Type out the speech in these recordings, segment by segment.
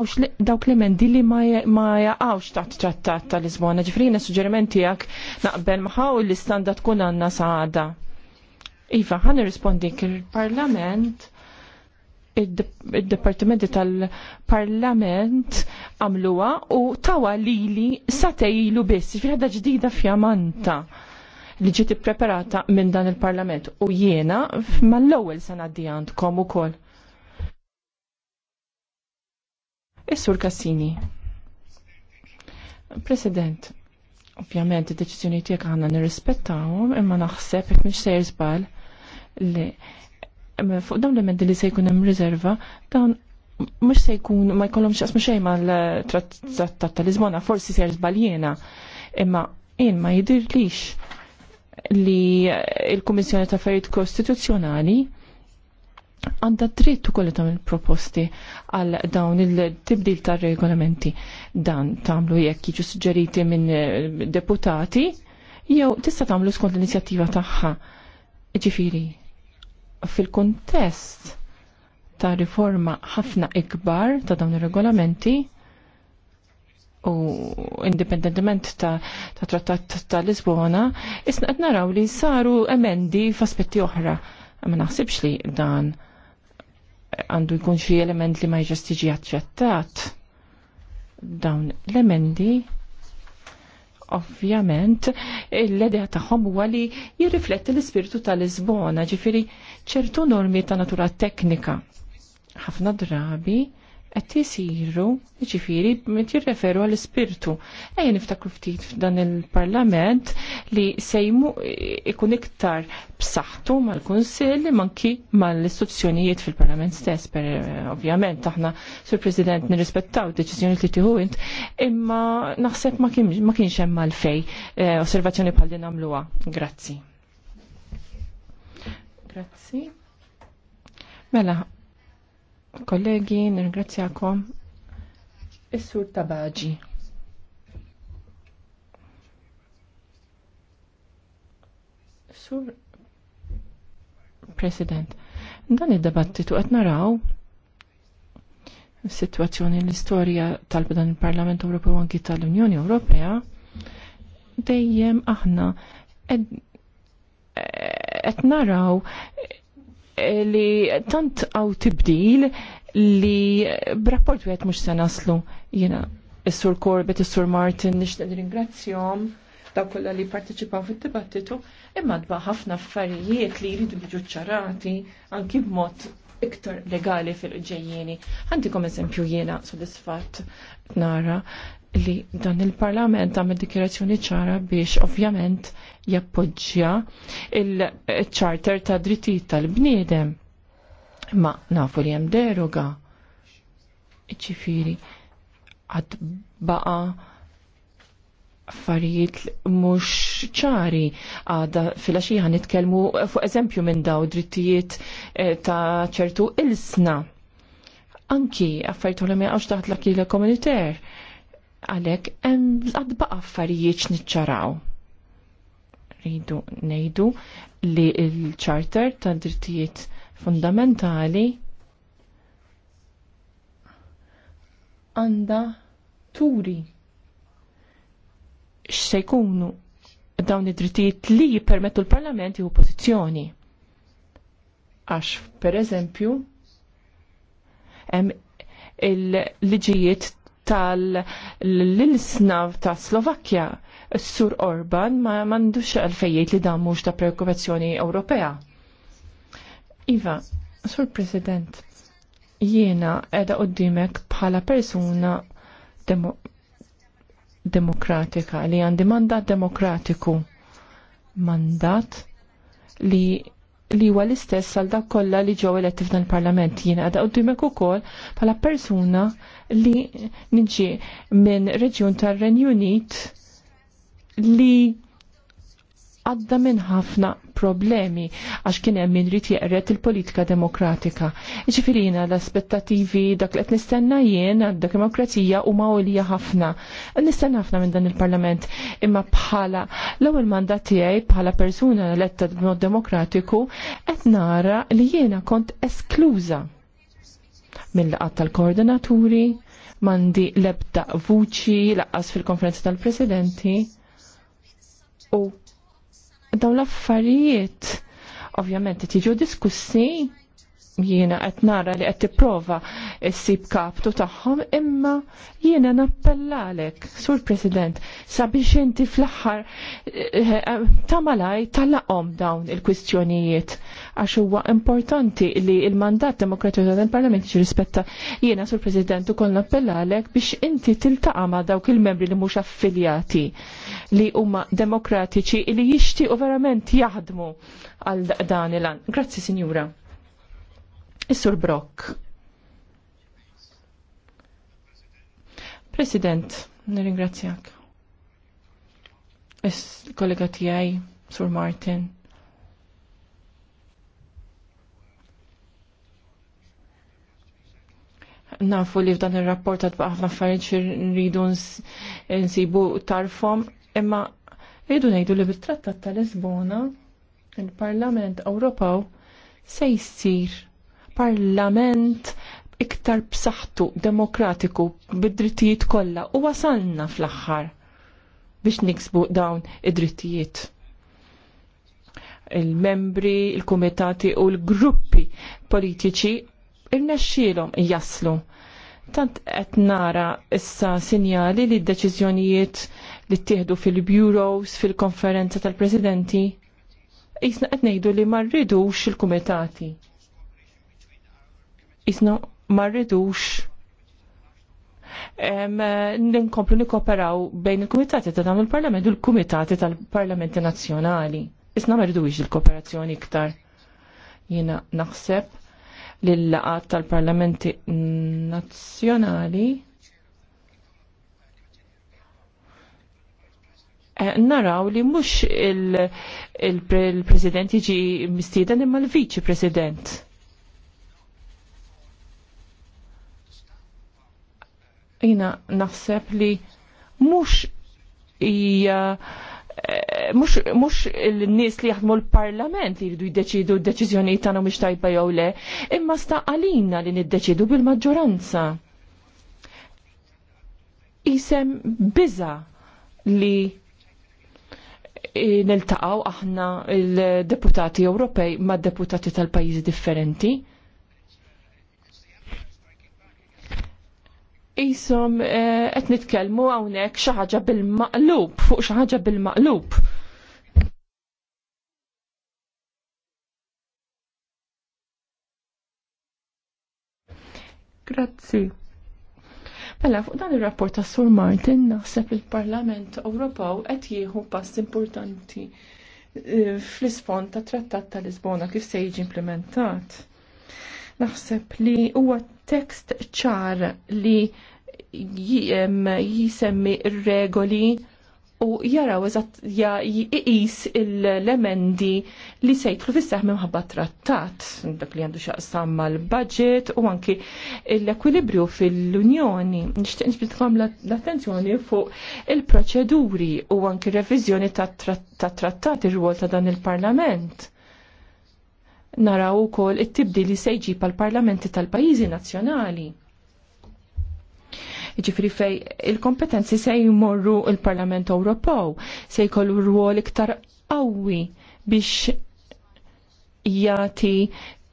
Mux dawk li mendi li ma jaqawx taħt ċattat ta' Lisbona, ġifrina suġġerimenti jak naqbel maħaw l-istanda tkun għanna saħda. Iva, ħan rispondi il-parlament, il-departimenti tal-parlament għamluwa u tawa li li satejlu biss, ġifrina ġdida fjamanta li ġiet preparata minn dan il-parlament u jiena mal-ewwel sena għandkom ukoll Is-Sur Cassini. President, ovvjament id-deċizjoni tiegħek għandna nirrispettawhom, imma naħseb jekk mhix sejr żball li fuq dawn l-emendi li se jkun hemm riserva, dawn mhux se jkun ma jkollhomx jasmu xejn mal-Trattat tal Lisbona, forsi sejr żbaljena, imma jien ma jidirlix li l-Kummissjoni ta' Affarijiet Kostituzzjonali għandha dritt ukoll tagħmel proposti għal dawn il-tibdil tar regolamenti dan tagħmlu jekk jiġu suġġeriti minn eh, deputati jew tista' tagħmlu skont l-inizjattiva tagħha. Ġifieri, fil-kuntest ta' riforma ħafna ikbar ta' dawn ir-regolamenti u indipendentement ta', ta trattat ta' Lisbona, isna qed naraw li saru emendi f'aspetti oħra. Ma naħsibx li dan għandu jkun xi element li ma jġas tiġi aċċettat. Dawn l-emendi ovvjament l edja tagħhom huwa li jirrifletti l-ispirtu tal-Lisbona, ġifiri ċertu normi ta' natura teknika. Ħafna drabi qed isiru, jiġifieri qed jirreferu għall ispirtu Ejja niftakru ftit f'dan il-Parlament li sejmu ikun iktar b'saħħtu mal-Kunsill manki mal-istituzzjonijiet fil-Parlament stess, per eh, ovvjament aħna sur President nirrispettaw deċiżjoni li tieħu int, imma naħseb ma kienx hemm malfej eh, osservazzjoni bħal din nagħmluha. Grazzi. Grazzi. Mela, Kollegi, nirgrazzjakom. Is-sur Tabaġi. Sur President, dan id-debattitu qed naraw situazzjoni l-istorja tal-bidan il-Parlament Ewropew anki tal-Unjoni Ewropea dejjem aħna qed naraw li tant għaw tibdil li b'rapport wieħed mhux se naslu jiena is-Sur Corbett, is-Sur Martin nixtieq ringrazzjom daw kollha li parteċipaw fit dibattitu imma dba' ħafna affarijiet li jridu jiġu ċarati anki b'mod iktar legali fil-ġejjieni. Għandikom eżempju jiena sodisfatt nara li dan il-Parlament għamil dikjerazzjoni ċara biex ovvjament jappoġġja il-ċarter ta' drittijiet tal-bniedem. Ma nafu li hemm deroga. Ċifiri, għad baqa affarijiet mhux ċari għada fil-axija nitkellmu fuq eżempju minn daw drittijiet eh, ta' ċertu ilsna. Anki affarijiet u l-mija taħt l-akil komuniter Għalek, hemm l-adba affarijiet niċċaraw. Rridu nejdu li l-Charter ta' drittijiet fundamentali għanda turi x'se jkunu dawn id-drittijiet li jippermettu l-Parlament jew pożizzjoni. Għax, per eżempju, hemm il-liġijiet tal-lisna ta' Slovakkja, sur Orban ma mandux għalfejjiet li dan mhux ta' preokkupazzjoni Ewropea. Iva, sur President, jiena edha qoddimek bħala persuna demo demokratika li għandi mandat demokratiku. Mandat li li huwa l-istess għal dak kollha li ġew eletti f'dan il-Parlament. Jiena għadha qudiemek ukoll bħala persuna li niġi minn reġjun tar-Renju Unit li għadda minn ħafna problemi għax kien hemm min rid jeqret il-politika demokratika. Ġifirina l-aspettativi dak li qed nistenna jien għad-demokrazija huma għolija ħafna. Nistenna ħafna minn dan il-Parlament imma bħala l-ewwel mandat tiegħi bħala persuna eletta b'mod demokratiku qed nara li jiena kont eskluża mill-laqat tal-koordinaturi, mandi lebda vuċi laqqas fil-konferenza tal-presidenti u dawn l-affarijiet ovvjament tiġu diskussi jiena qed nara li qed tipprova ssib kaptu tagħhom imma jiena nappellalek sur President sabiex inti fl-aħħar eh, tamalaj tallaqhom dawn il-kwistjonijiet għax huwa importanti li il-mandat demokratiku tal-Parlament rispetta jiena sur President ukoll nappellalek biex inti tiltaqa' ma' dawk il-membri li mhux affiljati li huma demokratiċi li jixtiequ verament jaħdmu għal dan il-an. Grazzi, Sinjura. Is-Sur Brock. President, nirringrazzjak. Is-kollega tiegħi, Sur Martin. nafu li f'dan il-rapport għad ħafna affarijiet rridu nsibu tarfom, imma rridu ngħidu li bit-trattat tal-Lisbona il-Parlament Ewropew se jsir parlament iktar b'saħħtu demokratiku bid-drittijiet kollha u wasalna fl-aħħar biex niksbu dawn id-drittijiet. Il-membri, il-komitati u l-gruppi politiċi irnexxielhom jaslu. Tant qed nara issa sinjali li d-deċiżjonijiet li ttieħdu fil-bureaus, fil-konferenza tal-presidenti, jisna qed ngħidu li ma rridux il-kumitati jisna marridux ninkomplu nikoperaw bejn il-Kumitati ta' dan il-Parlament u l-Kumitati tal-Parlamenti Nazzjonali. Isna marridux il-kooperazzjoni iktar. Jina naħseb l-laqat tal-Parlamenti Nazzjonali eh, naraw li mux il-President il, il, il jiġi mistieden imma l-Viċi President jina naħseb li mux ija mux, mux l-nis li jaħdmu l-parlament li jridu jiddeċidu d-deċizjoni tagħna mhux tajba jew le, imma sta għalina li niddeċidu bil-maġġoranza. Isem biża li niltaqgħu aħna il-deputati Ewropej mad deputati tal-pajjiżi differenti. Isom eh, qed nitkellmu hawnhekk xi ħaġa bil-maqlub fuq xi ħaġa bil-maqlub. Grazzi. Mela, fuq dan ir-rapport ta' Sur Martin naħseb il-Parlament Ewropew qed jieħu pass importanti eh, fl-isfond ta' Trattat ta' Lisbona kif se jiġi implementat. Naħseb li huwa tekst ċar li jisemmi regoli u jaraw eżatt jiqis l-emendi li sejtlu fis-seħ minħabba trattat, dak li għandu xaqsam mal-budget u anki l-ekwilibrju fil-Unjoni. Nixtieq nisbitkom l-attenzjoni fuq il-proċeduri u anki reviżjoni tat-trattat ir-rwol ta' dan il-Parlament naraw ukoll it-tibdil li se jġib għall parlamenti tal-pajjiżi nazzjonali. Ġifri fej il-kompetenzi se jmorru il-Parlament Ewropew, se jkollu rwol iktar qawwi biex jati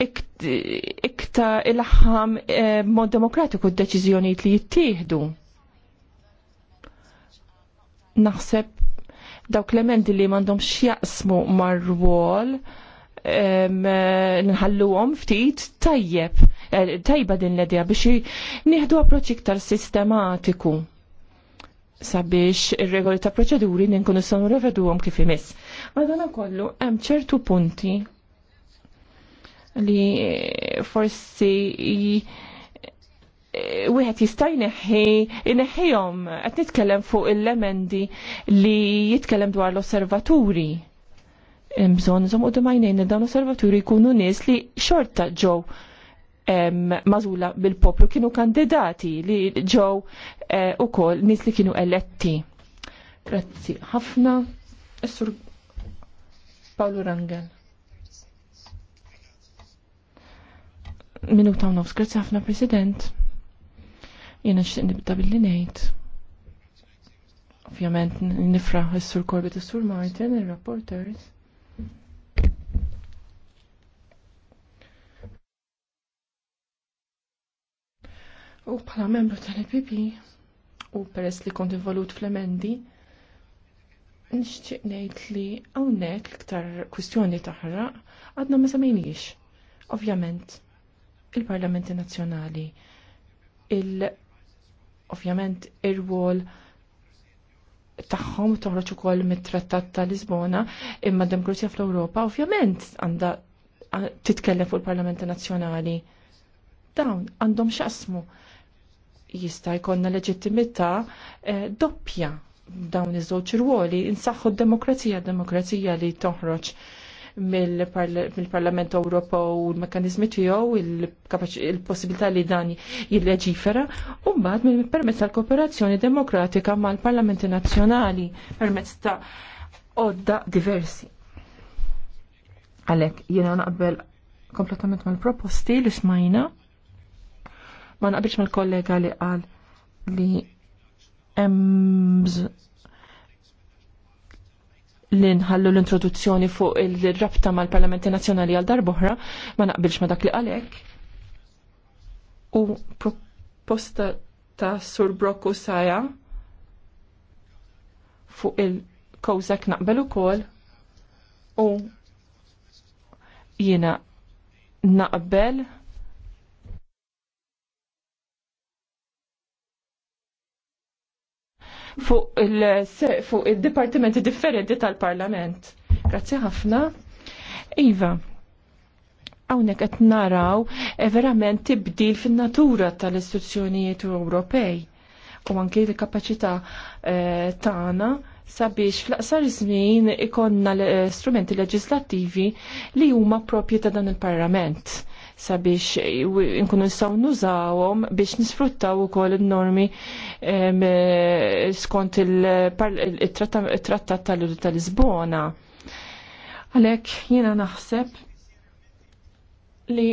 iktar il-ħam eh, mod demokratiku d-deċizjoniet li jittieħdu. Naħseb dawk l-emendi li mandom xjaqsmu mar-rwol nħalluhom ftit tajjeb, eh, tajba din l-edja biex nieħdu approċċ iktar sistematiku sabiex ir-regoli ta' proċeduri ninkunu sonu għom kif imiss. Madonna kollu hemm ċertu punti li forsi wieħed jista' jneħħi jneħħihom qed nitkellem fuq il-lemendi li jitkellem dwar l-osservaturi Mżon, zom u d-majnejn dawn osservaturi jkunu nies li xorta ġew mażula bil-poplu kienu kandidati li ġew eh, ukoll nis li kienu eletti. Grazzi ħafna. Essur Paolo Rangel. Minuta u nofs, grazzi ħafna President. Jena xtiq nibda billi ngħid. Ovvjament nifra Essur sur Essur sur Martin, il-rapporters. U bħala membru tal-EPP u peress li kont involut fl-emendi, nixtieq ngħid li hawnhekk iktar kwistjoni taħraq għadna ma semejniex. Ovvjament, il-Parlamenti Nazzjonali, il ovvjament ir-wol tagħhom toħroġ ukoll mit-Trattat ta' Lisbona imma demokrazija fl-Ewropa ovvjament għandha titkellem fuq il-Parlamenti Nazzjonali. Dawn għandhom x'asmu jista' jkollna leġittimità eh, doppja dawn iż-żewġ ruoli insaħħu d-demokrazija, demokrazija li toħroġ mill-Parlament Ewropew u l-mekkanizmi tiegħu il-possibilità li dan jilleġifera u mbagħad permezz tal-kooperazzjoni demokratika mal-Parlamenti Nazzjonali permezz ta' odda diversi. Għalhekk jiena naqbel kompletament mal-proposti li smajna ma naqbilx mal-kollega li qal li emz li nħallu l-introduzzjoni fuq il-rabta mal-Parlamenti Nazzjonali għal darbohra, ma naqbilx ma dak li għalek. U proposta ta' Sur Broku Saja fuq il-kowzak naqbel ukoll u jiena naqbel fuq il-dipartimenti differenti tal-Parlament. Grazzi ħafna. Iva, għawnek qed naraw eh, verament tibdil fin-natura tal-istituzzjonijiet Ewropej u anke l-kapaċità eh, tagħna sabiex fl-aqsar żmien ikonna l-strumenti eh, leġislattivi li huma propji ta' dan il-Parlament sabiex nkunu nistgħu nużawhom biex nisfruttaw ukoll in-normi eh, skont il-Trattat tal-Lisbona. Għalhekk jiena naħseb li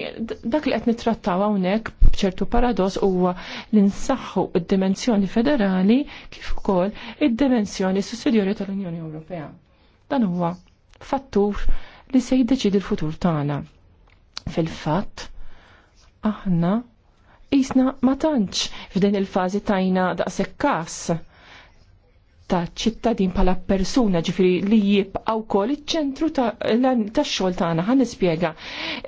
dak li qed nittrattaw hawnhekk b'ċertu paradoss huwa li nsaħħu d dimensjoni federali kif ukoll id-dimensjoni sussidjarja tal-Unjoni Ewropea. Dan huwa fattur li se jiddeċidi l-futur tagħna. Fil-fatt aħna jisna ma tantx f'din il-fażi tajna daqshekk każ ta' ċittadin pala persuna ġifiri li jibqa' wkoll iċ-ċentru tax-xogħol tagħna ħan nispjega.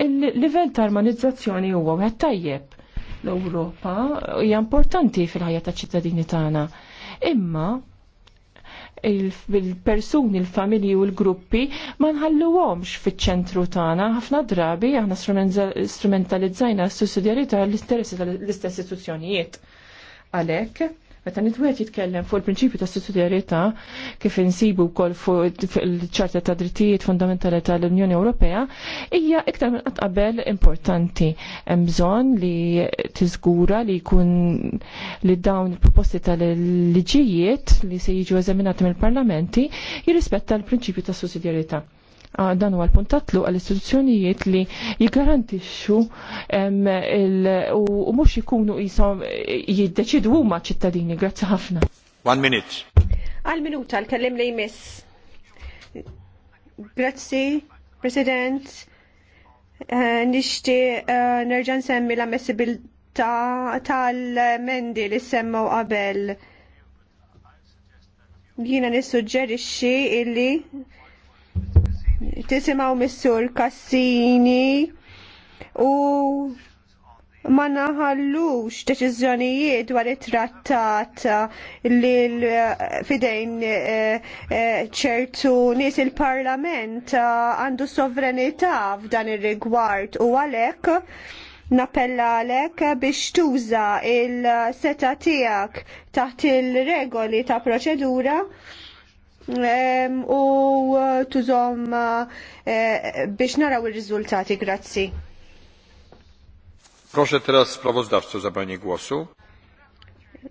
Il-livell ta' armonizzazzjoni huwa wieħed tajjeb. L-Ewropa hija importanti fil-ħajja ta' ċittadini tagħna. Imma il-persuni, il-familji u l-gruppi ma għomx fiċ-ċentru tagħna ħafna drabi aħna strumentalizzajna s sussidjarita l-istess istituzzjonijiet. għalek Meta nitwet jitkellem fuq il-prinċipju ta' sussidjarjetà kif insibu wkoll fuq il-ċarta ta' drittijiet fundamentali tal-Unjoni Ewropea, hija iktar minn qatt qabel importanti. Hemm bżonn li tiżgura li jkun li dawn il-proposti tal-liġijiet li se jiġu eżaminati mill-parlamenti jirrispetta l-prinċipju ta' sussidjarjetà. Ah, dan huwa l-punt tatlu għall-istituzzjonijiet li jiggarantixxu u mhux ikunu qishom jiddeċidu huma ċittadini. Grazzi ħafna. One minute. Għal minuta l-kellim li jmiss. Grazzi, President. Eh, Nishti eh, nerġa' nsemmi l-ammessibilità tal-mendi li semmew qabel. Jiena nissuġġerixxi illi tisimaw missur Cassini u ma naħallux deċiżjonijiet dwar it-trattat li eh, fidejn eh, eh, ċertu nies il-Parlament għandu sovranità f'dan ir-rigward u għalhekk nappella għalhekk biex tuża il-seta tiegħek taħt il-regoli ta' proċedura u uh, tużom uh, eh, biex naraw il-riżultati. Grazzi. Proszę teraz sprawozdawcę o zabranie głosu.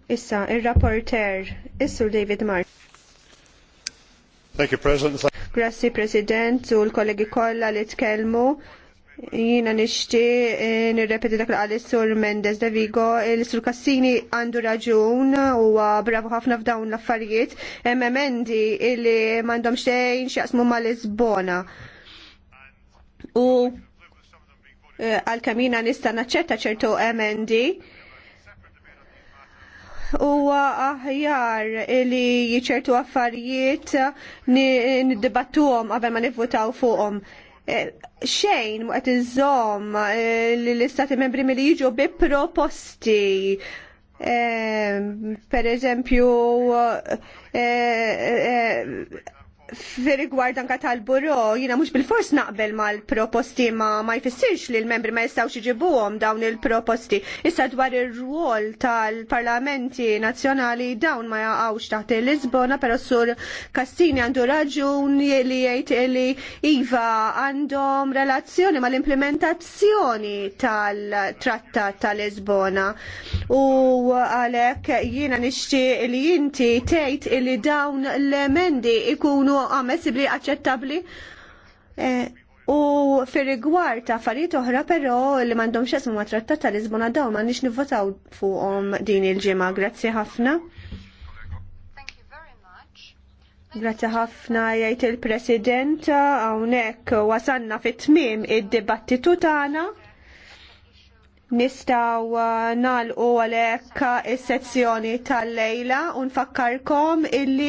Issa, il-rapporter, Issu David Mark. Thank you, President. Grazie, President, u l-kollegi kolla li tkellmu. Jina nishti eh, nirrepeti dak għal sur Mendes de Vigo, il-sur Cassini għandu raġun u bravo ħafna f'dawn l-affarijiet, emmendi illi mandom xejn xaqsmu ma Lisbona. U eh, għal-kamina nista naċċetta ċertu emendi huwa aħjar li jċertu affarijiet niddibattuhom qabel ma nivvutaw fuqhom. Eh, xejn muqet iżom eh, l-istati membri mill jiġu bi proposti eh, per eżempju Fir-rigward anka tal-buro, jina mux bil-fors naqbel mal-proposti ma ma jfissirx li l-membri ma jistawx iġibuhom dawn il-proposti. Issa dwar ir ruol tal-parlamenti nazzjonali dawn ma jaqgħux taħt il-Lisbona, però sur Kastini għandu raġun li jgħid li iva għandhom relazzjoni mal-implementazzjoni tal-trattat tal-Lisbona. U għalhekk jiena nixtieq li inti tgħid li dawn l-emendi ikunu amessibli aċċettabbli. Eh, u fir rigward ta' affarijiet oħra però li m'għandhomx xesmu ma' trattat ta' Lisbona ma nix nivvotaw fuqhom din il-ġimgħa. Grazzi ħafna. Grazzi ħafna jgħid il-President hawnhekk wasanna fit-tmiem id-dibattitu tagħna. Nistaw eh, nalqu għalhekk is-sezzjoni tal-lejla u nfakkarkom illi